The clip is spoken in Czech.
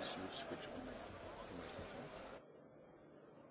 Jezus.